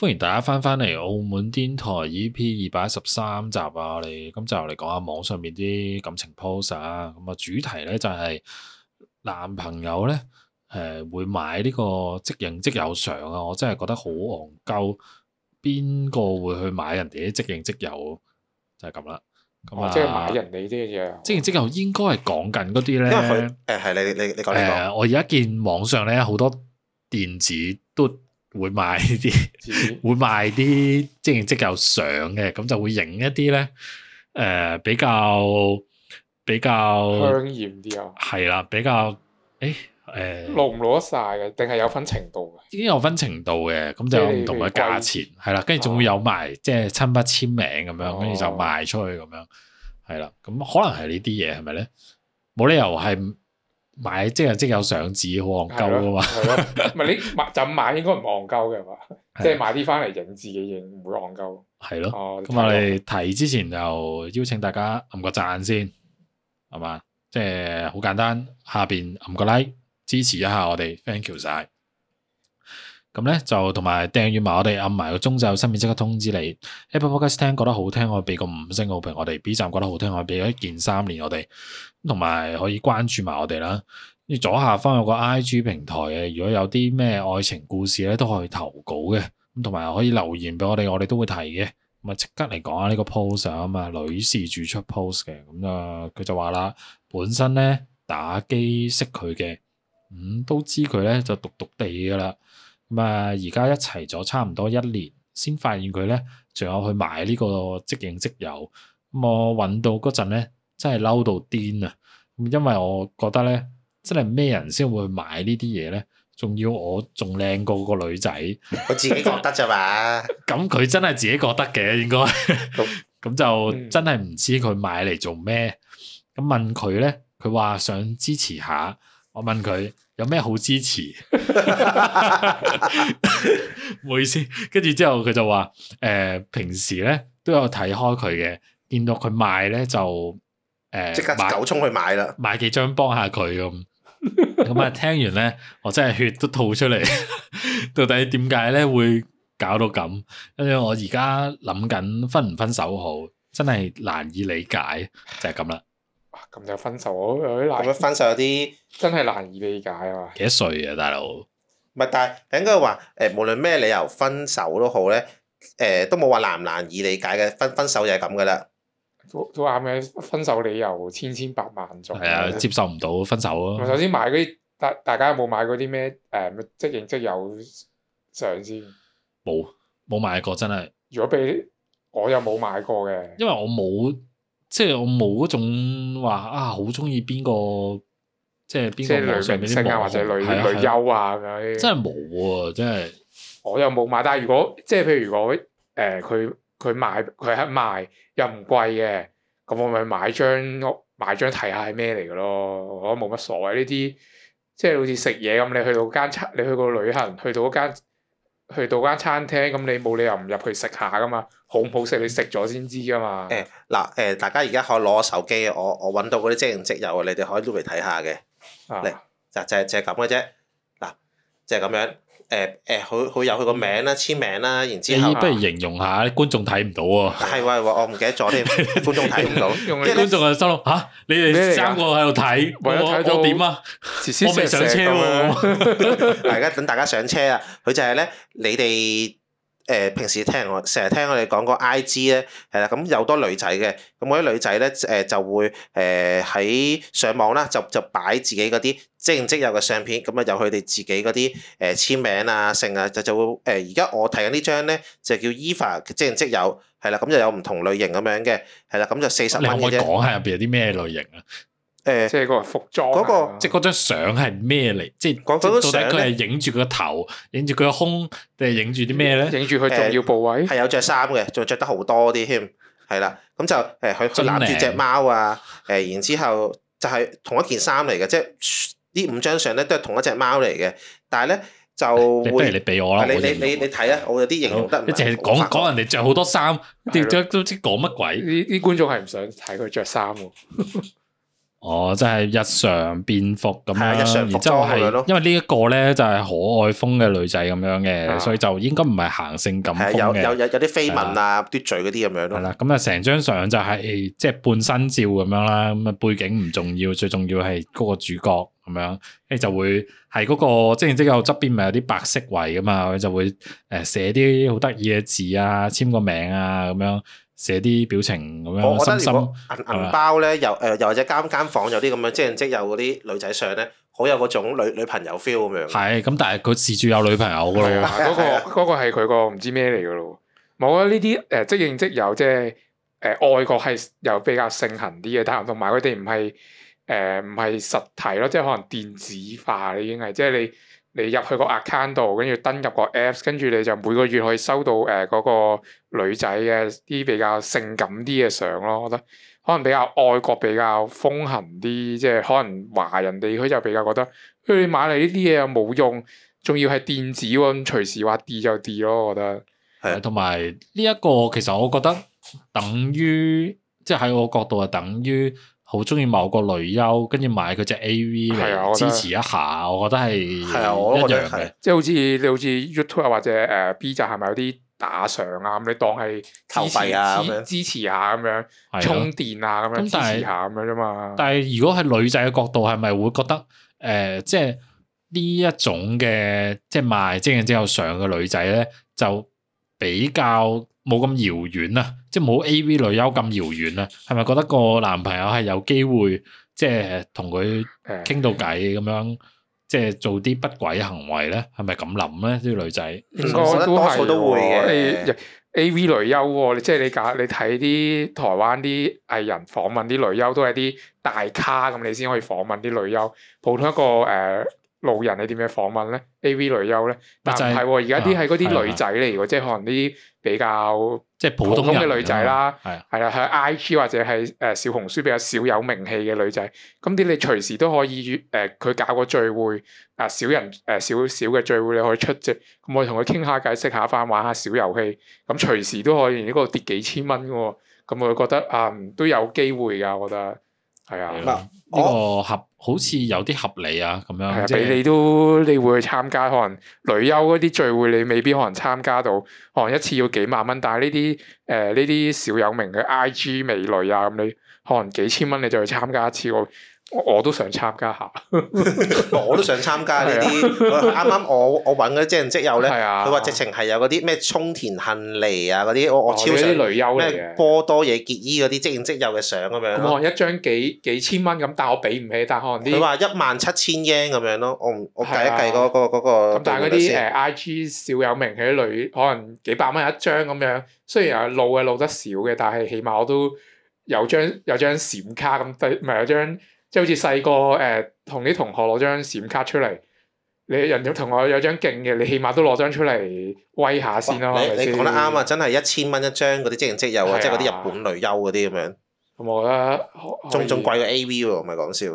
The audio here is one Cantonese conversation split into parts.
歡迎大家翻返嚟《澳門癲台 EP 二百一十三集》啊！我哋今集嚟講下網上面啲感情 post 啊！咁啊主題咧就係男朋友咧，誒會買呢個即影即有相啊！我真係覺得好戇鳩，邊個會去買人哋啲即影即有？就係咁啦。咁、嗯、啊、哦，即係買人哋啲嘢。即影即有應該係講緊嗰啲咧，因為佢誒係你你你講你講。我而家見網上咧好多電子都，會賣啲，己會賣啲即影即有相嘅，咁就會影一啲咧，誒比較比較香艷啲啊，係啦，比較誒誒，露唔露得晒嘅，定係有分程度嘅，已經有分程度嘅，咁就有唔同嘅價錢，係啦，跟住仲會有埋、哦、即係親筆簽名咁樣，跟住就賣出去咁樣，係啦，咁可能係呢啲嘢係咪咧？冇理由係。買即係即有相紙，好戇鳩噶嘛？係咯，唔係 你買就買應該，應該唔戇鳩嘅嘛？ 即係買啲翻嚟影自己影，唔會戇鳩。係咯，咁我哋睇之前就邀請大家撳個讚先，係嘛？即係好簡單，下邊撳個 like 支持一下我哋，thank you 晒。咁咧就同埋訂閱埋我哋，暗埋個鐘就有新片即刻通知你。Apple Podcast 聽覺得好聽，我畀個五星好評；我哋 B 站覺得好聽，我俾一件三連。我哋。同埋可以關注埋我哋啦。左下方有個 I G 平台，如果有啲咩愛情故事咧，都可以投稿嘅。咁同埋可以留言畀我哋，我哋都會睇嘅。咁啊，即刻嚟講下呢個 post 啊、嗯、嘛，女士主出 post 嘅咁啊，佢、嗯呃、就話啦，本身咧打機識佢嘅，咁、嗯、都知佢咧就獨獨地噶啦。啊，而家一齊咗差唔多一年，先發現佢咧，仲有去買呢個即影即有。咁我揾到嗰陣咧，真係嬲到癲啊！咁因為我覺得咧，真係咩人先會買呢啲嘢咧？仲要我仲靚過個女仔，我自己覺得咋嘛。咁佢 真係自己覺得嘅，應該咁 就真係唔知佢買嚟做咩。咁問佢咧，佢話想支持下。我問佢有咩好支持，唔 好意思。跟住之後佢就話：誒、呃，平時咧都有睇開佢嘅，見到佢賣咧就誒，呃、即刻九衝去買啦，買幾張幫下佢咁。咁啊， 聽完咧，我真係血都吐出嚟。到底點解咧會搞到咁？跟住我而家諗緊分唔分手好，真係難以理解，就係咁啦。咁就分手，我有啲難。咁樣分手有啲真係難以理解啊嘛。幾多歲啊，大佬？唔係，但係應該話誒，無論咩理由分手好、呃、都好咧，誒都冇話難唔難以理解嘅分分手就係咁噶啦。都都話咩，分手理由千千百萬種。係啊，接受唔到分手咯，啊。首先買嗰啲大，大家有冇買過啲咩誒即影即有相先？冇冇買過，真係。如果俾我又冇買過嘅，因為我冇。即係我冇嗰種話啊，好中意邊個，即係邊個網上邊啲毛或者女女優啊嗰啲，真係冇啊，真係。我又冇買，但係如果即係譬如，如果、呃、我誒佢，佢買佢係賣又唔貴嘅，咁我咪買張屋買張睇下係咩嚟嘅咯，我都冇乜所謂呢啲，即係好似食嘢咁，你去到間你去過旅行，去到一間。去到間餐廳，咁你冇理由唔入去食下噶嘛？好唔好食你食咗先知噶嘛？誒嗱誒，大家而家可以攞手機，我我揾到嗰啲即影即有，你哋可以攞嚟睇下嘅。嚟就就就係咁嘅啫。嗱，就係咁樣。誒誒，好好有佢個名啦，簽名啦，然之後不如形容下，觀眾睇唔到喎。係喎係喎，我唔記得咗啲觀眾睇唔到，因為觀眾又心諗嚇，你哋三個喺度睇，為咗睇到點啊？我未上車喎，大家等大家上車啊！佢就係咧，你哋。誒平時聽我成日聽我哋講個 I G 咧，係啦，咁有多女仔嘅，咁嗰啲女仔咧，誒就會誒喺、呃、上網啦，就就擺自己嗰啲即影即有嘅相片，咁啊有佢哋自己嗰啲誒簽名啊，成啊就就會誒，而、呃、家我睇緊呢張咧就叫 Eva 嘅即影即有，係啦，咁就有唔同類型咁樣嘅，係啦，咁就四十。你可唔可以講下入邊有啲咩類型啊？誒，即係個服裝個，即係嗰張相係咩嚟？即係到底佢係影住佢個頭，影住佢個胸，定係影住啲咩咧？影住佢重要部位，係有着衫嘅，仲着得好多啲添，係啦。咁就誒，佢攬住隻貓啊，誒，然之後就係同一件衫嚟嘅，即係呢五張相咧都係同一隻貓嚟嘅，但係咧就會不如你俾我啦。你你你睇啊！我有啲形容得淨係講講人哋着好多衫，你都知講乜鬼？呢啲觀眾係唔想睇佢着衫。哦，即係日常便服咁啦，的然之後係、就是啊、因為呢一個咧就係、是、可愛風嘅女仔咁樣嘅，啊、所以就應該唔係行性感風有有有啲緋聞啊、嘟嘴嗰啲咁樣咯。係啦，咁啊成張相就係即係半身照咁樣啦，咁啊背景唔重要，最重要係嗰個主角咁樣，誒就會係嗰、嗰個即係即係側邊咪有啲白色位㗎嘛，啊，就會誒寫啲好得意嘅字啊，簽個名啊咁樣。寫啲表情咁樣，我心心銀銀包咧，又誒，又、呃、或者間間房有啲咁樣，即影即有嗰啲女仔相咧，好有嗰種女女朋友 feel 咁樣。係、啊，咁但係佢自住有女朋友噶咯，嗰個嗰 嗰個係佢、嗰個唔知咩嚟噶咯。我覺得呢啲誒即影即有，即係誒外國係又比較盛行啲嘅，但係同埋佢哋唔係誒唔係實體咯，即係可能電子化已經係即係你。你入去個 account 度，跟住登入個 apps，跟住你就每個月可以收到誒嗰、呃嗰個女仔嘅啲比較性感啲嘅相咯，我覺得可能比較外國比較風行啲，即係可能華人地區就比較覺得，佢買嚟呢啲嘢又冇用，仲要係電子喎，隨時話 d 就 d e 咯，我覺得。係啊，同埋呢一個其實我覺得等於，即係喺我角度係，等於。好中意某個女優，跟住買佢隻 A.V. 嚟支持一下，啊、我覺得係一樣嘅。即係好似你，好似 YouTube 或者誒 B 站，係咪有啲打賞啊？咁你當係支持、投啊、支，支持下咁樣，充電啊咁樣啊支持下咁樣啫嘛。但係是如果係女仔嘅角度，係咪會覺得誒、呃，即係呢一種嘅即係賣即影即有相嘅女仔咧，就比較？冇咁遙遠啊，即係冇 A.V. 女優咁遙遠啊，係咪覺得個男朋友係有機會即係同佢傾到偈咁樣，即係做啲不軌行為咧？係咪咁諗咧？啲女仔，我、嗯、覺得多數都會嘅、啊啊、A.V. 女優，即係你架你睇啲台灣啲藝人訪問啲女優，都係啲大咖咁，你先可以訪問啲女優，普通一個誒。啊路人你點樣訪問咧？A.V. 女優咧，但係而家啲係嗰啲女仔嚟嘅，啊、即係可能啲比較即係普通嘅女仔啦，係啦、啊，喺、啊、I.G. 或者係誒、呃、小紅書比較少有名氣嘅女仔，咁啲你隨時都可以，誒、呃、佢搞個聚會，啊、呃、少人誒少少嘅聚會你可以出席，咁可以同佢傾下偈，食下飯，玩，玩下小遊戲，咁隨時都可以，呢個跌幾千蚊嘅，咁我覺得啊、呃、都有機會噶，我覺得係啊。嗯呢個合、哦、好似有啲合理啊，咁樣，的即係是俾你都你會去參加可能女優嗰啲聚會，你未必可能參加到，可能一次要幾萬蚊，但係呢啲誒呢啲小有名嘅 IG 美女啊，咁你可能幾千蚊你就去參加一次。我都想參加下， 我都想參加呢啲是、啊。啱啱我我揾嗰啲職員職友咧，佢話直情係有嗰啲咩沖田杏梨啊嗰啲，我我超想、哦。咩波多野結衣嗰啲職,職友職友嘅相咁樣。可能一張幾幾千蚊咁，但我俾唔起。但可能啲佢話一萬七千 yen 咁樣咯。我我計一計嗰、嗰、嗰個。咁是、啊、但係嗰啲誒 IG 少有名氣嗰啲女，可能幾百蚊一張咁樣。雖然又露嘅露得少嘅，但係起碼我都有張有張閃卡咁，咪有張。即係好似細個誒，同、呃、啲同學攞張閃卡出嚟，你人仲同我有張勁嘅，你起碼都攞張出嚟威下先咯，你咪講得啱啊！真係一千蚊一張嗰啲即影即有啊，即係嗰啲日本女優嗰啲咁樣。咁、嗯、我覺得仲仲貴過 AV 喎，唔係講笑。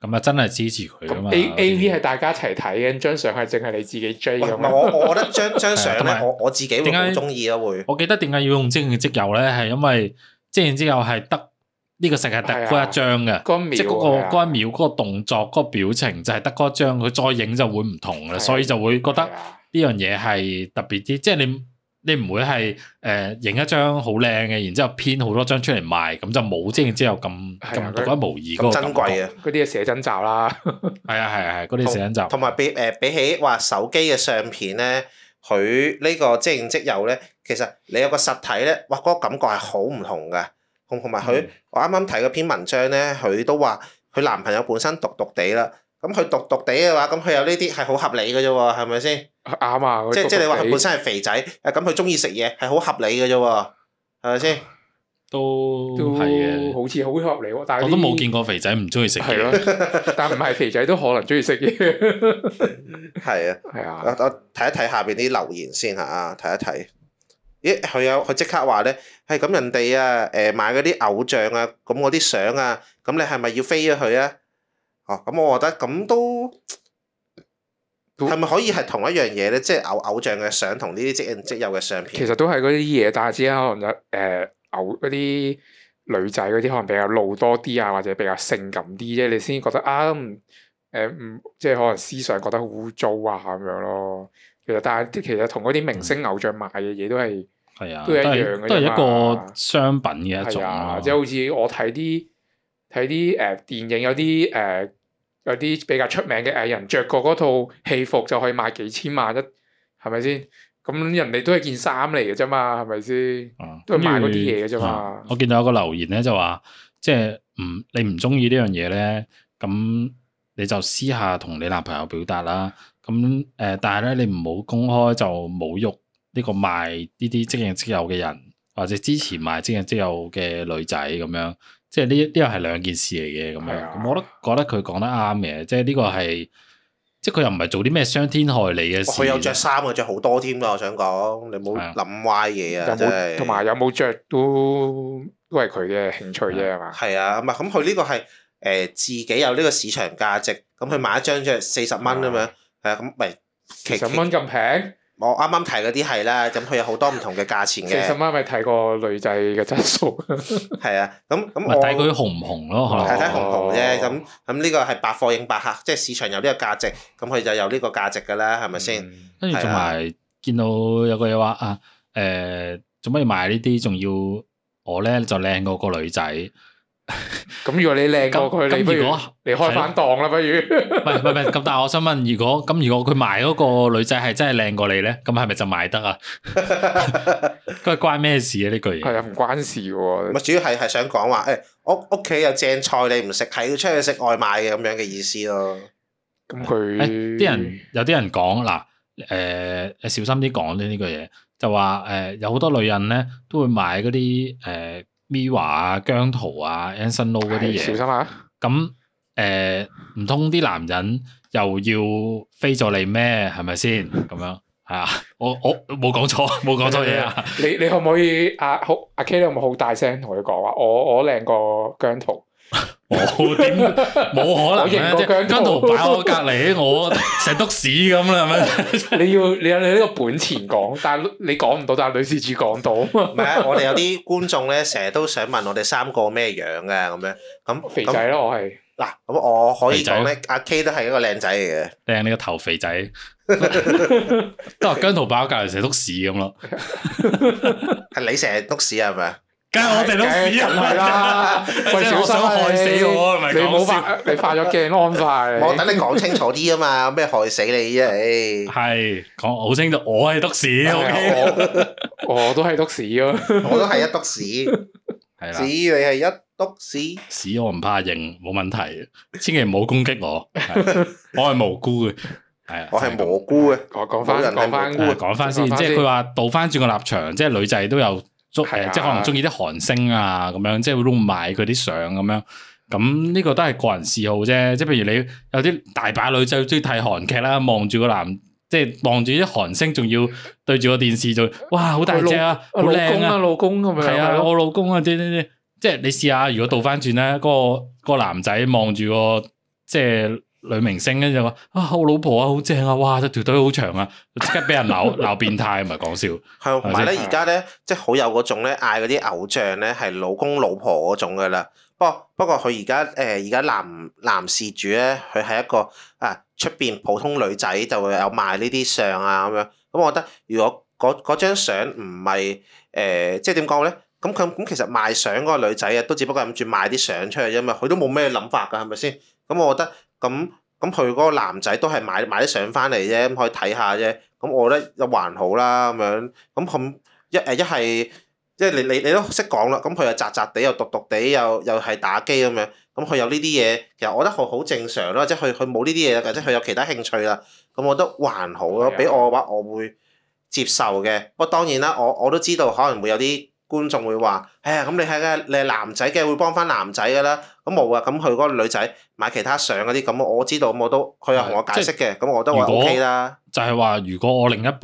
咁啊、嗯，真係支持佢啊那 a A V 係大家一齊睇嘅，張相係淨係你自己追咁。我，我覺得張張相咧， 我我自己會好中意咯，會為。我記得點解要用即影即有咧，係因為即影即有係得。呢個成日得嗰一張嘅，即係嗰個嗰一秒嗰個動作嗰個表情就係得嗰張，佢再影就會唔同啦，所以就會覺得呢樣嘢係特別啲。即係你你唔會係誒影一張好靚嘅，然之後編好多張出嚟賣，咁就冇即影即有咁咁獨一無二嗰個珍貴嘅感覺。嗰啲嘅寫真集啦，係啊係係，嗰啲寫真集。同埋比誒比起話手機嘅相片咧，佢呢個即影即有咧，其實你有個實體咧，哇嗰個感覺係好唔同嘅。同同埋佢，我啱啱睇嗰篇文章咧，佢都話佢男朋友本身毒毒地啦。咁佢毒毒地嘅話，咁佢有呢啲係好合理嘅啫喎，係咪先？啱啊！即即你話佢本身係肥仔，誒咁佢中意食嘢係好合理嘅啫喎，係咪先？都都係啊！好似好合理喎，但係我都冇見過肥仔唔中意食嘢。但係唔係肥仔都可能中意食嘢。係啊，係啊。我我睇一睇下邊啲留言先嚇，睇一睇。咦，佢有佢即刻話咧，係、欸、咁人哋啊，誒、欸、買嗰啲偶像啊，咁我啲相啊，咁你係咪要飛咗佢啊？哦、啊，咁、啊、我覺得咁都係咪可以係同一樣嘢咧？即係偶偶像嘅相同呢啲即影即有嘅相片，其實都係嗰啲嘢，大家知啦，可能誒偶嗰啲女仔嗰啲可能比較露多啲啊，或者比較性感啲啫，你先覺得啊，誒、呃、唔、嗯呃、即係可能思想覺得好污糟啊咁樣咯。其實但係啲其實同嗰啲明星偶像賣嘅嘢，都係係啊，都一樣嘅，都係一個商品嘅一種啊，即係、啊就是、好似我睇啲睇啲誒電影有、呃，有啲誒有啲比較出名嘅藝人着過嗰套戲服就可以賣幾千萬一，係咪先？咁人哋都係件衫嚟嘅啫嘛，係咪先？啊、都係賣嗰啲嘢嘅啫嘛。我見到有個留言咧就話，即係唔、嗯、你唔中意呢樣嘢咧，咁你就私下同你男朋友表達啦。咁誒，但係咧，你唔好公開就侮辱呢個賣呢啲即影即有嘅人，或者之前賣即影即有嘅女仔咁樣，即係呢呢個係兩件事嚟嘅咁樣。咁、啊、我都覺得佢講得啱嘅，即係呢個係即係佢又唔係做啲咩傷天害理嘅事。佢、哦、有着衫啊，着好多添㗎。我想講，你冇諗歪嘢啊，同埋的有冇着都都係佢嘅興趣啫，係嘛、嗯？係啊，咁啊，咁佢呢個係誒、呃、自己有呢個市場價值，咁佢買一張著四十蚊咁樣。誒，咁咪七十蚊咁平？我啱啱睇嗰啲係啦，咁佢有好多唔同嘅價錢嘅。七十啱咪睇個女仔嘅質素。係 啊，咁咁我睇佢紅唔紅咯，係咪？睇睇紅唔紅啫，咁咁呢個係百貨應百客，即係市場有呢個價值，咁佢就有呢個價值噶啦，係咪先？跟住同埋見到有個嘢話啊，誒、呃，做乜買呢啲？仲要我咧就靚過個女仔。咁如果你靚過佢，你不如你開翻檔啦，不如唔係唔係咁？但係我想問，如果咁，如果佢買嗰個女仔係真係靚過你咧，咁係咪就買得啊？佢關咩事啊？呢句嘢係啊，唔關事嘅。咪主要係係想講話，誒，屋屋企有正菜你唔食，係要出去食外賣嘅咁樣嘅意思咯。咁佢啲人有啲人講嗱，誒小心啲講呢呢句嘢，就話誒有好多女人咧都會買嗰啲誒。Mirror 啊，姜濤啊 Anson Lo 嗰啲嘢，小心下。咁誒，唔通啲男人又要飛咗嚟咩？係咪先咁樣？係 啊，我我冇講錯，冇講錯嘢啊！你你可唔可以啊？阿 K 你有冇好大聲同佢講話，我我靚過姜濤。冇點，冇可能咧，即係姜濤擺我隔籬，我成篤屎咁啦，係咪？你要你有你呢個本錢講，但係你講唔到，但係女事主講到。唔係啊，我哋有啲觀眾咧，成日都想問我哋三個咩樣啊，咁樣咁肥仔咯，我係嗱，咁我可以講咧，阿 K 都係一個靚仔嚟嘅，靚你個頭肥仔，都話姜濤擺我隔籬成篤屎咁咯，係你成日篤屎係咪？梗係我哋都屎人啦，真係好想害死我，係咪咁？你冇發，你發咗鏡安晒。我等你講清楚啲啊嘛，咩害死你啫？係講好清楚，我係篤屎，ok，我都係篤屎咯，我都係一篤屎，屎你係一篤屎，屎我唔怕認，冇問題，千祈唔好攻擊我，我係無辜嘅。係啊，我係無辜嘅。我講翻，講翻，講翻先，即係佢話倒翻轉個立場，即係女仔都有。係啊，啊，即係可能中意啲韓星啊，咁樣即係會碌埋佢啲相咁樣。咁呢個都係個人嗜好啫。即係譬如你有啲大把女仔中意睇韓劇啦，望住個男，即係望住啲韓星，仲要對住個電視就哇好大隻啊，好靚啊，啊，啊，老公啊老公咁樣。係啊，我老公啊啲啲啲。 即係你試下，如果倒翻轉咧，嗰、嗰個、嗰個男仔望住個即係。女明星咧就話啊，我老婆啊，好正啊，哇！條腿好長啊，即刻俾人鬧鬧 變態，唔係講笑。係 吧，同埋咧，而家咧，即係好有嗰種咧，嗌嗰啲偶像咧，係老公老婆嗰種噶啦。不過不過，佢而家誒，而家男男事主咧，佢係一個啊，出邊普通女仔就會有賣呢啲相啊咁樣。咁我覺得，如果嗰嗰張相唔係誒，即係點講咧？咁佢咁其實賣相嗰個女仔啊，都只不過諗住賣啲相出去啫嘛，佢都冇咩諗法噶，係咪先？咁我覺得。咁咁佢嗰個男仔都係買買啲相翻嚟啫，咁可以睇下啫。咁我覺得又還好啦，咁樣咁咁一誒一係即係你你你都識講啦。咁佢又宅宅地，又毒毒地，又又係打機咁樣。咁佢有呢啲嘢，其實我覺得佢好正常咯，即係佢佢冇呢啲嘢嘅，即係佢有其他興趣啦。咁我覺得還好咯，俾我嘅話，我會接受嘅。不過當然啦，我我都知道可能會有啲觀眾會話，誒、哎、咁你係嘅，你係男仔嘅會幫翻男仔㗎啦。咁冇啊！咁佢嗰個女仔買其他相嗰啲咁，我知道咁我都，佢又同我解釋嘅，咁的我都話 O K 啦。就係話，如果我另一半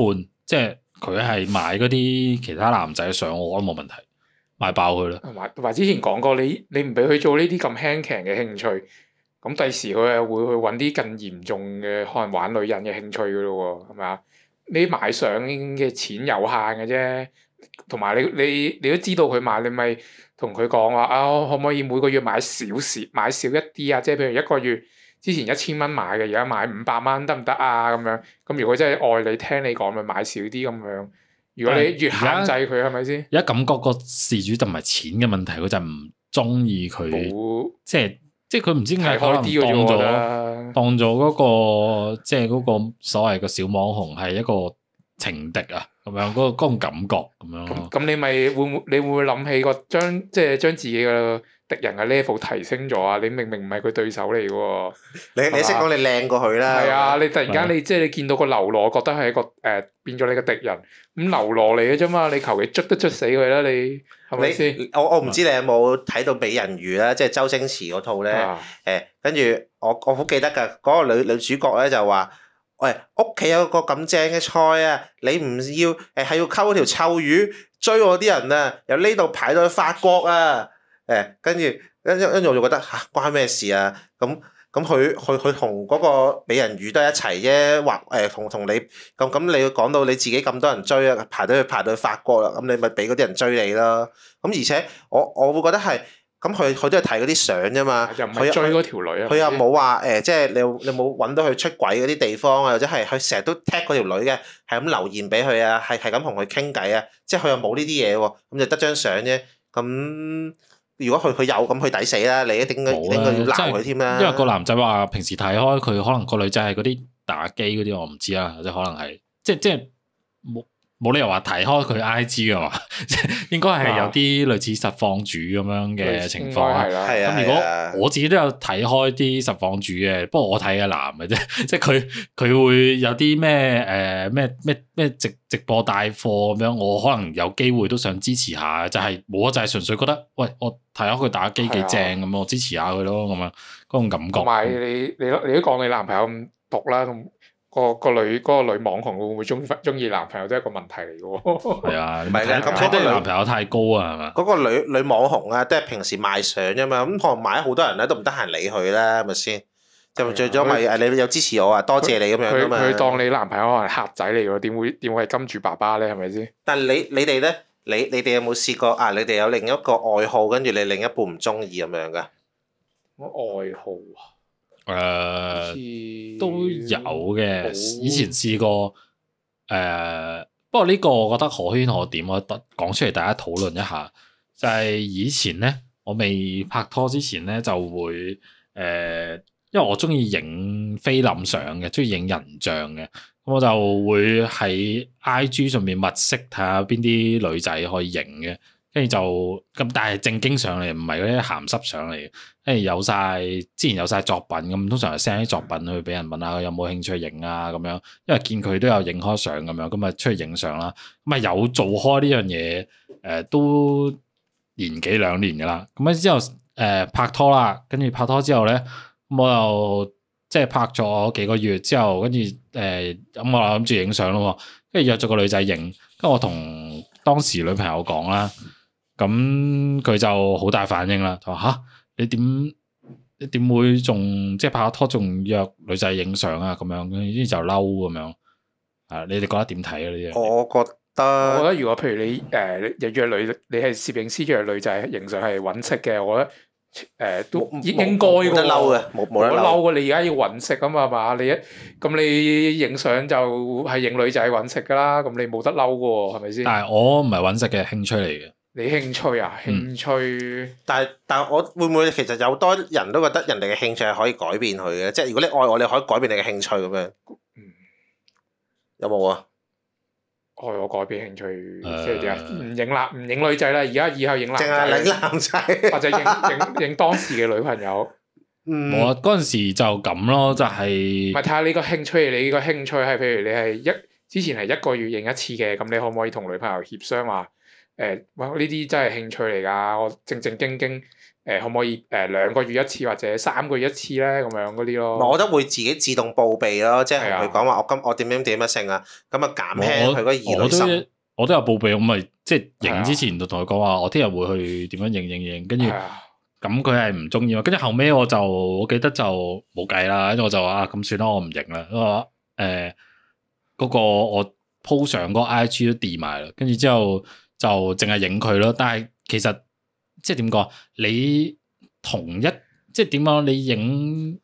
即係佢係買嗰啲其他男仔相，我都冇問題，買爆佢啦。同埋同埋之前講過，你你唔俾佢做呢啲咁輕嘅興趣，咁第時佢係會去揾啲更嚴重嘅，可能玩女人嘅興趣噶咯喎，係咪啊？你買相嘅錢有限嘅啫，同埋你你你都知道佢買，你咪。同佢講話啊，可唔可以每個月買少少？買少一啲啊？即係譬如一個月之前一千蚊買嘅，而家買五百蚊得唔得啊？咁樣，咁如果真係愛你，聽你講咪買少啲咁樣。如果你越限制佢，係咪先？而家感覺個事主就唔係錢嘅問題，佢就唔中意佢，即係即係佢唔知點解可能當咗當咗嗰個即係嗰個所謂嘅小網紅係一個情敵啊！咪嗰個嗰種感覺咁樣咯。咁你咪會唔會你會唔會諗起個將即係將自己嘅敵人嘅 level 提升咗啊？你明明唔係佢對手嚟嘅喎。你你識講你靚過佢啦。係啊！你突然間你即係你見到個嘍囉覺得係一個誒變咗你嘅敵人。咁嘍囉嚟嘅啫嘛，你求其捉都捉死佢啦。你係咪先？我我唔知你有冇睇到美人魚咧，即係周星馳嗰套咧。誒，跟住我我好記得㗎，嗰個女女主角咧就話。喂，屋企有個咁正嘅菜啊，你唔要？誒，係要溝嗰條臭魚追我啲人啊，由呢度排到去法國啊！誒，跟住，跟住，跟住我就覺得吓，關咩事啊？咁，咁佢佢佢同嗰個美人魚都係一齊啫，或誒，同同你咁咁，你要講到你自己咁多人追啊，排到去排到去法國啦，咁你咪俾嗰啲人追你啦。咁而且我我會覺得係。咁佢佢都係睇嗰啲相啫嘛，佢追嗰條女啊，佢又冇話誒，即係你你冇揾到佢出軌嗰啲地方啊，或者係佢成日都踢 a 嗰條女嘅，係咁留言俾佢啊，係係咁同佢傾偈啊，即係佢又冇呢啲嘢喎，咁就得張相啫。咁如果佢佢有，咁佢抵死啦，你一定佢，你佢鬧佢添啦。啊、因為個男仔話平時睇開佢，可能個女仔係嗰啲打機嗰啲，我唔知啊，或者可能係即即冇。即即冇理由話睇開佢 I G 嘅嘛， 應該係有啲類似實況主咁樣嘅情況啊。咁如果我自己都有睇開啲實況主嘅，哎、呀不過我睇嘅男嘅啫， 即係佢佢會有啲咩誒咩咩咩直直播帶貨咁樣，我可能有機會都想支持下，就係、係、我就係純粹覺得，喂，我睇下佢打機幾正咁，哎、呀我支持下佢咯咁樣嗰種感覺。唔係你你你都講你男朋友咁毒啦、啊、咁。個個女嗰個女網紅會唔會中中意男朋友都係一個問題嚟嘅喎？係啊，唔係咧，覺得男朋友太高啊，係嘛？嗰個女女網紅咧，都係平時賣相啫嘛，咁可能賣咗好多人咧，都唔得閒理佢啦，係咪先？即係最咗咪誒，你有支持我啊，多謝你咁樣啊嘛。佢佢當你男朋友係客仔嚟嘅，點會點會係金主爸爸咧？係咪先？但係你你哋咧，你你哋有冇試過啊？你哋有另一個愛好，跟住你另一半唔中意咁樣嘅？我愛好啊。誒、呃，都有嘅，以前試過。誒、呃，不過呢個我覺得可圈可點，我得講出嚟，大家討論一下。就係、是、以前咧，我未拍拖之前咧，就會誒、呃，因為我中意影菲林相嘅，中意影人像嘅，咁我就會喺 IG 上面物色睇下邊啲女仔可以影嘅。跟住就咁，但係正經上嚟唔係嗰啲咸濕上嚟跟住有晒之前有晒作品咁，通常係 send 啲作品去俾人問下，佢有冇興趣影啊咁樣。因為見佢都有影開相咁樣，咁咪出去影相啦。咁咪有做開呢樣嘢，誒、呃、都年幾兩年噶啦。咁啊之後誒、呃、拍拖啦，跟住拍拖之後咧、嗯，我又，即係拍咗幾個月之後，跟住誒咁我諗住影相咯，跟住約咗個女仔影，跟住我同當時女朋友講啦。嗯咁佢就好大反應啦，就話嚇你點你點會仲即係拍下拖，仲約女仔影相啊？咁樣跟住就嬲咁樣啊。你哋覺得點睇呀呢啲？我覺得，我覺得如果譬如你誒又約女，你係攝影師約女仔影相係揾食嘅，我覺得誒都應應該冇得嬲嘅，冇冇得嬲嘅。你而家要揾食啊嘛係嘛，你一咁你影相就係影女仔揾食噶啦，咁你冇得嬲嘅，係咪先？但係我唔係揾食嘅興趣嚟嘅。你興趣啊？興趣，嗯、但係但係我會唔會其實有多人都覺得人哋嘅興趣係可以改變佢嘅？即係如果你愛我，你可以改變你嘅興趣咁樣。嗯、有冇啊？愛我改變興趣，呃、即係點啊？唔影啦，唔影女仔啦，而家以後影男，影男仔或者影影影當時嘅女朋友。 嗯、我嗰陣時就咁咯，就係、是。咪睇下你個興趣，你個興趣係，譬如你係一之前係一個月影一次嘅，咁你可唔可以同女朋友協商話？誒，哇！呢啲真係興趣嚟㗎，我正正經經誒，可唔可以誒兩個月一次或者三個月一次咧？咁樣嗰啲咯。唔係，我都會自己自動報備咯，即係同佢講話，我今我點點點樣成啊？咁啊減輕佢嗰個疑慮心。我我都我都有報備，我咪即係影之前就同佢講話，我聽日會去點樣影影影，跟住咁佢係唔中意嘛。跟住後尾我就我記得就冇計啦，跟住我就話咁算啦，我唔影啦，我誒嗰個我鋪上個 IG 都 delete 埋啦，跟住之後。就淨係影佢咯，但係其實即係點講？你同一即係點講？你影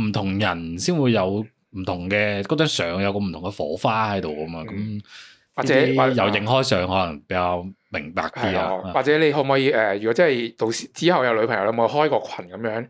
唔同人先會有唔同嘅嗰張相，嗰個、有個唔同嘅火花喺度啊嘛。咁、嗯、那或者有影開相可能比較明白啲咯。或者你可唔可以誒？如果真係到時之後有女朋友，可以開個群咁樣，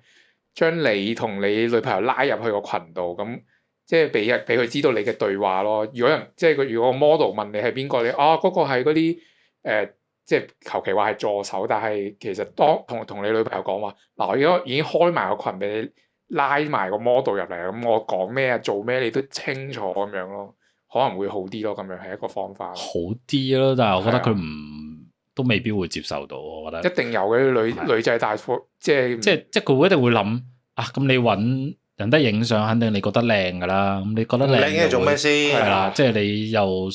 將你同你女朋友拉入去個群度咁，即係俾俾佢知道你嘅對話咯。如果人即係佢，如果 model 問你係邊個，你哦，嗰、嗰個係嗰啲。誒、呃，即係求其話係助手，但係其實當同同你女朋友講話，嗱，我而家已經開埋個群俾你拉、啊，拉埋個 model 入嚟，咁我講咩啊，做咩你都清楚咁樣咯，可能會好啲咯，咁樣係一個方法。好啲咯，但係我覺得佢唔、啊、都未必會接受到，我覺得。一定有嘅，女女仔大夥即係。即係即係佢會一定會諗啊，咁你揾人得影相，肯定你覺得靚㗎啦，咁你覺得靚。靚做咩先？係啦，即係你又。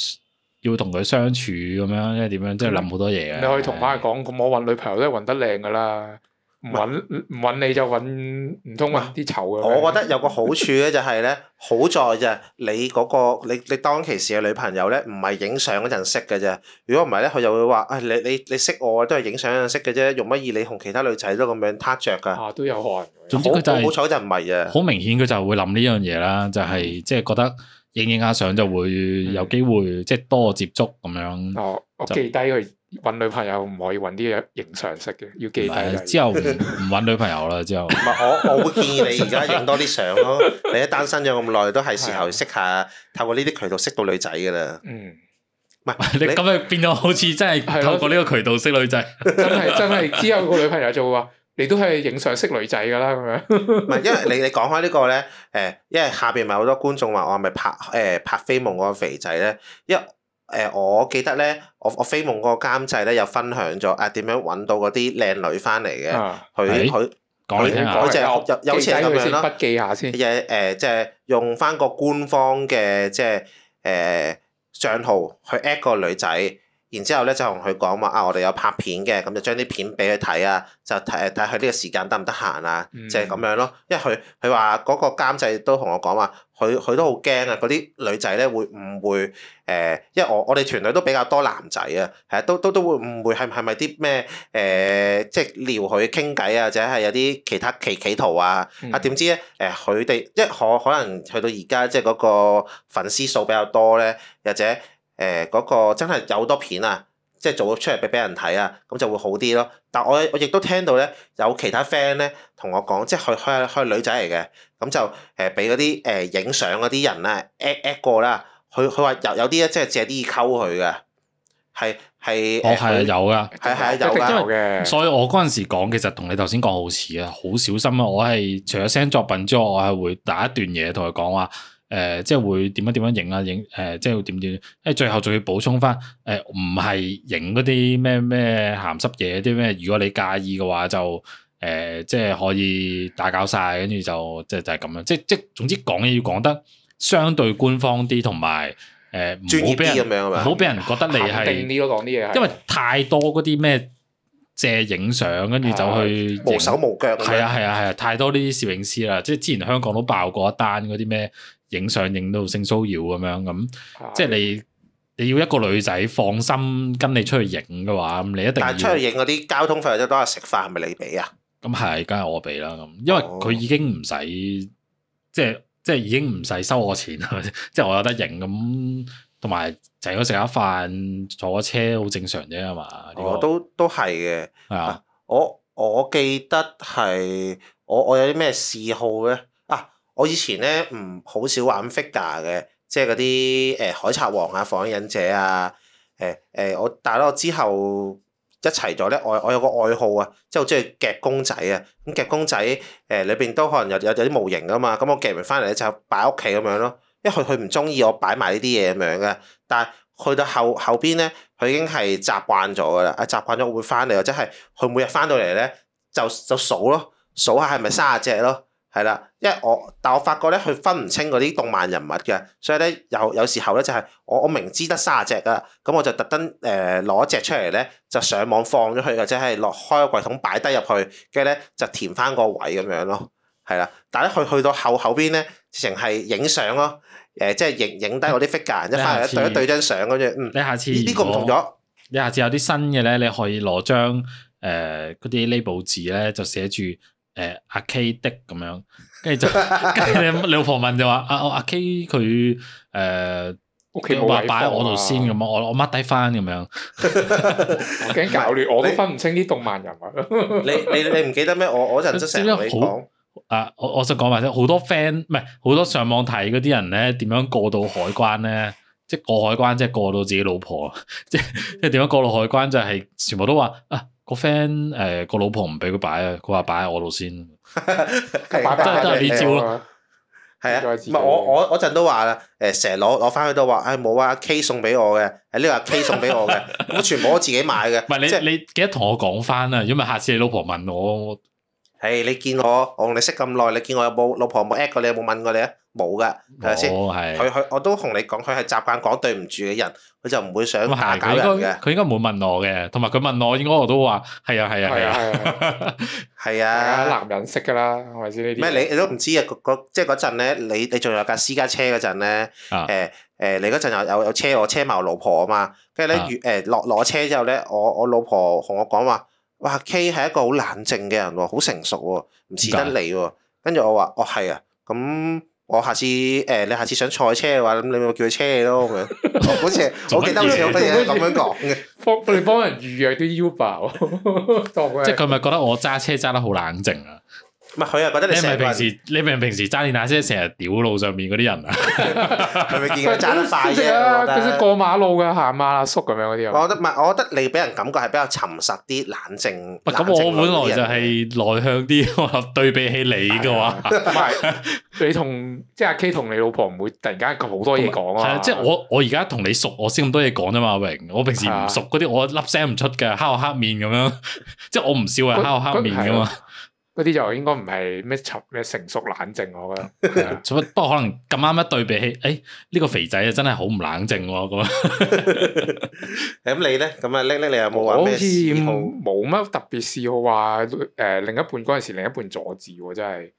要同佢相處咁樣，即係點樣，即係諗好多嘢啊！你可以同返佢講，咁我搵女朋友都係搵得靚噶啦，唔搵唔搵你就搵唔通啊！啲醜嘅。我覺得有個好處咧，就係咧，好在就你嗰個你你當其時嘅女朋友咧，唔係影相嗰陣識嘅啫。如果唔係咧，佢就會話，誒，你你你識我都係影相嗰陣識嘅啫，容乜易你同其他女仔都咁樣撻著噶。啊，都有害。總之佢就係好彩嗰陣唔係啊！好明顯佢就會諗呢樣嘢啦，就係即係覺得。影影下相就會有機會、嗯、即係多接觸咁樣。哦，我記低佢，搵就女朋友，唔可以搵啲嘢形象識嘅，要記低。之後唔搵女朋友啦，之後。唔係 我我會建議你而家影多啲相咯。 你一單身咗咁耐，都係時候識下，的透過呢啲渠道識到女仔噶啦。嗯，唔係是你咁樣 變咗好似真係透過呢個渠道識女仔， 真係真係只有個女朋友做啊！你都係影相識女仔噶啦，咁樣。唔 係，因為你你講開呢、這個咧，誒，因為下邊咪好多觀眾話我係咪拍誒拍飛夢嗰個肥仔咧？一誒、呃，我記得咧，我我飛夢嗰個監製咧有分享咗啊，點樣揾到嗰啲靚女翻嚟嘅？佢佢講下，講下，就是、下有有好似係咁樣咯，筆記下先、呃。嘢、呃、誒、呃，即係用翻個官方嘅即係誒帳號去 at 個女仔。然之後咧就同佢講話啊，我哋有拍片嘅，咁就將啲片俾佢睇啊，就睇睇佢呢個時間得唔得閒啊，即係咁樣咯。因為佢佢話嗰個監製都同我講話，佢佢都好驚啊，嗰啲女仔咧會誤會誒、呃，因為我我哋團隊都比較多男仔啊，係啊，都都都會誤會係係咪啲咩誒，即係撩佢傾偈啊，或者係有啲其他企企圖啊？嗯、啊點知咧誒，佢、呃、哋即係可可能去到而家即係嗰個粉絲數比較多咧，或者。誒嗰個真係有多片啊，即係做咗出嚟俾俾人睇啊，咁就會好啲咯。但我我亦都聽到咧，有其他 friend 咧同我講，即係佢佢係女仔嚟嘅，咁就誒俾嗰啲誒影相嗰啲人咧 at at 過啦。佢佢話有有啲咧即係借啲嘢溝佢嘅，係係哦係有噶，係係有噶，所以我嗰陣時講其實同你頭先講好似嘅，好小心啊。我係除咗 send 作品之外，我係會打一段嘢同佢講話。誒、呃，即係會點樣點樣影啊影，誒、呃，即係點點，誒，最後仲要補充翻誒、呃，唔係影嗰啲咩咩鹹濕嘢、啲咩，如果你介意嘅話就，就、呃、誒，即係可以打攪晒，跟住就即係就係、是、咁樣，即係即係，總之講嘢要講得相對官方啲，同埋誒，唔好俾人唔好俾人覺得你係，定都因為太多嗰啲咩借影相，跟住就去無手無腳，係啊係啊係啊，太多呢啲攝影師啦，即係之前香港都爆過一單嗰啲咩。影相影到性騷擾咁樣咁，即係你的你要一個女仔放心跟你出去影嘅話，咁你一定要。但係出去影嗰啲交通費或者都係食飯係咪你俾啊？咁係，梗係我俾啦咁，因為佢已經唔使，哦，即係即係已經唔使收我錢啦，即 係 我有得影咁，同埋成日去食下飯，坐車好正常啫嘛。嗎我都都係嘅。係啊，我我記得係我我有啲咩嗜好咧？我以前咧唔好少玩 figure 嘅，即係嗰啲誒海賊王啊、火影忍者啊，誒、呃、誒、呃、我，但係我之後一齊咗咧，我我有個愛好啊，即係好中意夾公仔啊，咁、嗯、夾公仔誒裏邊都可能有有有啲模型噶嘛，咁、嗯、我夾完翻嚟咧就擺屋企咁樣咯，因為佢佢唔中意我擺埋呢啲嘢咁樣嘅，但係去到後後邊咧，佢已經係習慣咗噶啦，啊習慣咗我會翻嚟，或者係佢每日翻到嚟咧就就，就數咯，數下係咪三十隻咯。係啦，因為我，但我發覺咧，佢分唔清嗰啲動漫人物嘅，所以咧有有時候咧就係、是、我我明知得卅隻噶，咁、嗯、我就特登誒攞一隻出嚟咧，就上網放咗佢，或者係落開個櫃桶擺低入去，跟住咧就填翻個位咁樣咯。係啦，但係咧佢去到後後邊咧，成係影相咯，誒、呃、即係影影低我啲 figure，即翻嚟一對一對張相。跟住，嗯，你下次呢個唔同咗。你下次有啲新嘅咧，你可以攞張誒嗰啲 A4 紙咧，就寫住。誒，阿、啊、K 的咁樣，跟住就跟住你老婆問就話阿阿 K 佢，誒，屋企冇位擺喺我度先咁啊，呃、啊我我 mark 低翻咁樣，驚搞亂，你我都分唔清啲動漫人物。 你你你唔記得咩？我我陣即係成啊，我我，我，我想講埋先，好多 friend 唔係好多上網睇嗰啲人咧，點樣過到海關咧？ 即係過海關即係過到自己老婆，即係點樣過到海關就？就係全部都話啊。個 friend 誒個老婆唔俾佢擺啊，佢話擺喺我度先，真係真係呢招咯，係啊，唔係我我我陣都話啦，誒成日攞攞翻去都話，哎冇啊 K 送俾我嘅，係呢個 K 送俾我嘅，我全部我自己買嘅。唔係 你即你記得同我講翻啊，如果唔係下次你老婆問我，誒你見我我同你識咁耐，你見我有冇老婆冇 at 過你有冇問過你啊？冇噶，係先，佢佢我都同你講，佢係習慣講對唔住嘅人，佢就唔會想下攪人嘅。佢應該冇問我嘅，同埋佢問我，應該我，應該我都話係啊，係啊，係啊，係 啊，男人識㗎啦，係咪呢啲？咩你你都唔知啊？即係嗰陣咧，你你仲有架私家車嗰陣咧？誒誒、啊呃，你嗰陣又又有車我車埋我老婆啊嘛，跟住咧越誒落落車之後咧，我我老婆同我講話，哇 K 係一個好冷靜嘅人喎，好成熟喎，唔似得你喎。跟住、嗯、我話，哦係、哦、啊，咁、哦。我下次誒、欸，你下次想坐車嘅話，咁你咪叫佢車你咯。我嗰、 哦、次， 我記得好似有乜嘢咁樣講嘅，幫你幫人預約啲 Uber， 即係佢咪覺得我揸車揸得好冷靜啊？唔係佢又覺得你係咪平時，你咪平時揸電單車成日屌路上面嗰啲人啊，係 咪 見佢揸得快啲啊？佢識 過馬路噶，行馬阿叔咁樣嗰啲啊。我覺得唔係，我覺得你俾人感覺係比較沉實啲、冷靜。咁我本來就係內向啲喎， 對比起你嘅話，唔係、啊、 你同即係阿 K 同你老婆唔會突然間講好多嘢講啊即係、就是、我我而家同你熟，我先咁多嘢講啫嘛。阿榮，我平時唔熟嗰啲，啊、我粒聲唔出嘅，敲黑，黑面咁樣。即係我唔笑係敲 他黑面噶嘛。 嗰啲就應該唔係咩成咩成熟冷靜，我覺得。咁不過可能咁啱一對比起，誒呢個肥仔啊真係好唔冷靜喎咁。咁你咧？咁啊拎拎你有冇咩嗜好？冇乜特別嗜好，話誒，另一半嗰陣時另一半阻止喎，真係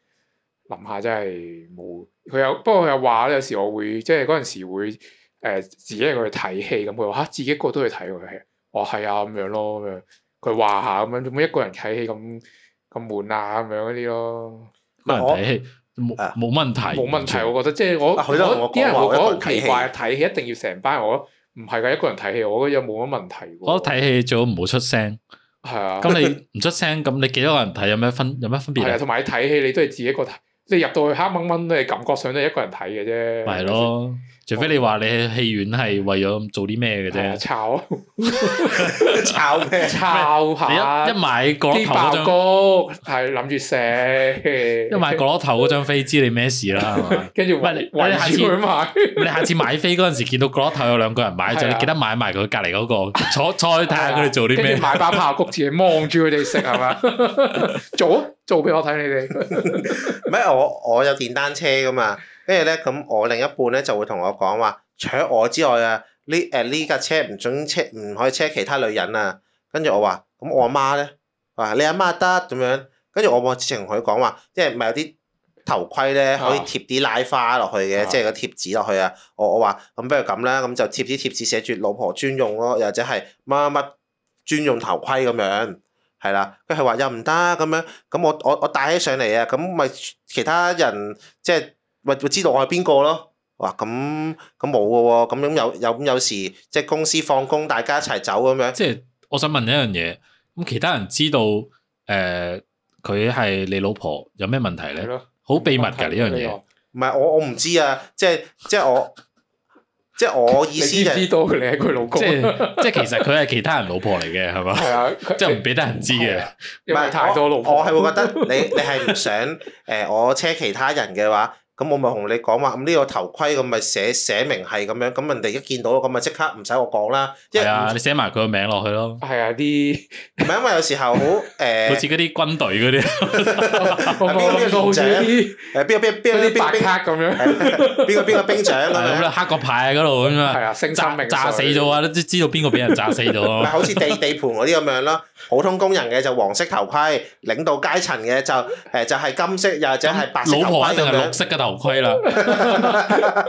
諗下真係冇。佢有，不過佢有話有時我會即係嗰陣時會自己去睇戲咁，佢話嚇自己一個都去睇戲喎，係我係啊咁樣咯，佢話下咁樣，做乜一個人睇戲咁？悶啊咁樣嗰啲咯，人我冇冇問題，冇、嗯、問題，我覺得即係我啲人奇怪，睇戲一定要成班，我唔係㗎，一個人睇戲，我覺得有冇乜問題？我覺得睇戲最好唔好出聲，係啊，咁你唔出聲，咁你幾多個人睇有咩分有咩分別啊？同埋 你睇戲你都係自己一個睇。你入到去黑掹掹，你感覺上都係一個人睇嘅啫。咪係咯，除非你話你喺戲院係為咗做啲咩嘅啫。炒炒咩？炒下一買角落頭嗰張係諗住食。一買角落頭嗰張飛，知你咩事啦？跟住乜？你下次買，你下次買飛嗰陣時，見到角落頭有兩個人買，就你記得買埋佢隔離嗰個坐，坐去睇下佢哋做啲咩。買包爆谷，自己望住佢哋食係嘛？做做俾我睇你哋 ，咩？我我有電單車噶嘛，跟住咧咁我另一半咧就會同我講話，除咗我之外啊，呢誒呢架車唔准車唔可以車其他女人啊。跟住我話，咁我阿媽咧？話你阿媽得咁樣。跟住我我直情同佢講話，即係咪有啲頭盔咧可以貼啲拉花落去嘅，即係個貼紙落去啊。去啊我我話咁不如咁啦，咁就貼啲貼紙寫住老婆專用咯、啊，又或者係乜乜專用頭盔咁樣。係啦，佢係話又唔得咁樣，咁我我我帶起上嚟啊，咁咪其他人即係咪會知道我係邊個咯？哇，咁咁冇噶喎，咁咁有樣有咁有，有時即係公司放工，大家一齊走咁樣。即係我想問一樣嘢，咁其他人知道誒佢係你老婆有咩問題咧？好了秘密噶呢樣嘢，唔係我我唔知啊，即係即係我。 即係我意思，知道你係佢老公，即係即係其實佢係其他人老婆嚟嘅，係嘛 吧？係啊，即係唔俾得人知嘅。唔係 是太多老婆我， 我係會覺得你你係唔想誒、 呃，我車其他人嘅話。咁我咪同你講話，咁呢個頭盔咁咪寫寫明係咁樣，咁人哋一見到咁咪即刻唔使我講啦。係啊，你寫埋佢個名落去咯。係啊，啲唔係因為有時候、欸、好誒，好似嗰啲軍隊嗰啲邊個軍長，誒邊個邊個邊個啲兵黑咁樣，邊個邊個兵長咁樣，黑個牌喺嗰度咁啊。係啊，炸明炸死咗啊，都知知道邊個俾人炸死咗。唔 係好似地地盤嗰啲咁樣咯。普通工人嘅就黃色頭盔，領導階層嘅就誒就係金色，又或者係白色頭盔嘅。老婆一定係綠色嘅頭盔啦。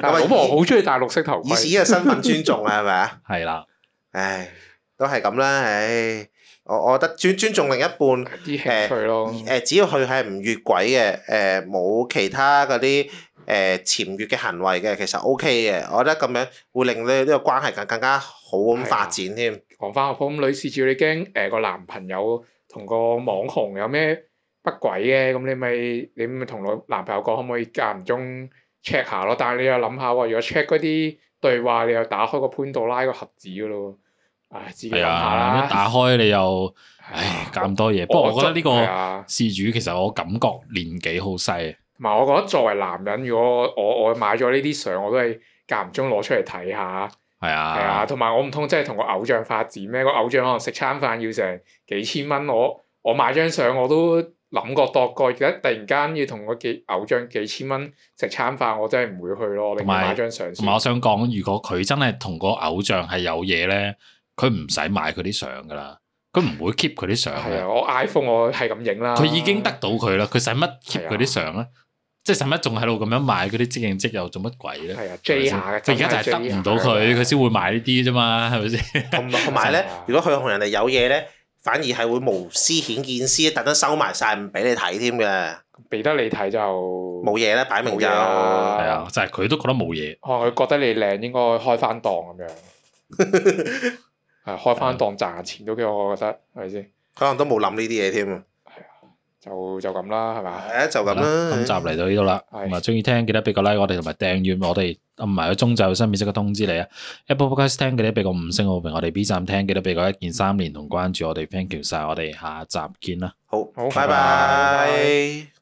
老婆好中意戴綠色頭盔。以自己嘅身份尊重係咪啊？係啦，唉，都係咁啦，唉，我我覺得尊尊重另一半，誒，係咯，誒，只要佢係唔越軌嘅，誒，冇其他嗰啲。誒、呃、潛越嘅行為嘅，其實 O K 嘅，我覺得咁樣會令你呢個關係更更加好咁的發展添。講翻個 po，女事主你驚誒個男朋友同個網紅有咩不軌嘅，咁你咪你咪同女男朋友講，可唔可以間唔中 check 下咯？但係你又諗下，如果 check 嗰啲對話，你又打開個潘多拉個盒子噶咯喎。啊，自己諗下啦。打開你又的唉咁多嘢。我不過我覺得呢個事主其實我感覺年紀好細。唔係我覺得作為男人，如果我我買咗呢啲相，我都係間唔中攞出嚟睇下。係啊，係啊，同埋我唔通真係同個偶像發展咩？個偶像可能食餐飯要成幾千蚊，我我買張相我都諗過度過。而家突然間要同個幾偶像幾千蚊食餐飯，我真係唔會去咯。你買張相，啊。同埋我想講，如果佢真係同個偶像係有嘢咧，佢唔使買佢啲相㗎啦，佢唔會 keep 佢啲相。係啊，我 iPhone 我係咁影啦。佢已經得到佢啦，佢使乜 keep 佢啲相咧？即係使乜仲喺度咁樣買嗰啲即影即有又做乜鬼咧？係啊，追下嘅。佢而家就係得唔到佢，佢先會買呢啲啫嘛，係咪先？同埋咧， 如果佢同人哋有嘢咧，反而係會無私顯見私，特登收埋晒唔俾你睇添嘅。俾得你睇就冇嘢啦，擺明就係啊，就係、是、佢都覺得冇嘢。可能佢覺得你靚，應該 開翻檔咁樣，係開翻檔賺錢都幾好，我覺得係咪先？可能都冇諗呢啲嘢添。就就咁啦，係嘛？係就咁啦。今集嚟到呢度啦，咁啊是，中意聽記得俾個 like，我哋同埋訂閱我哋，唔係個中就有新面色嘅通知你啊。Apple Podcast 聽記得俾個五星好評，我哋 B 站聽記得俾個一鍵三連同關注我哋，thank you 晒，我哋下集見啦。好，好，拜拜。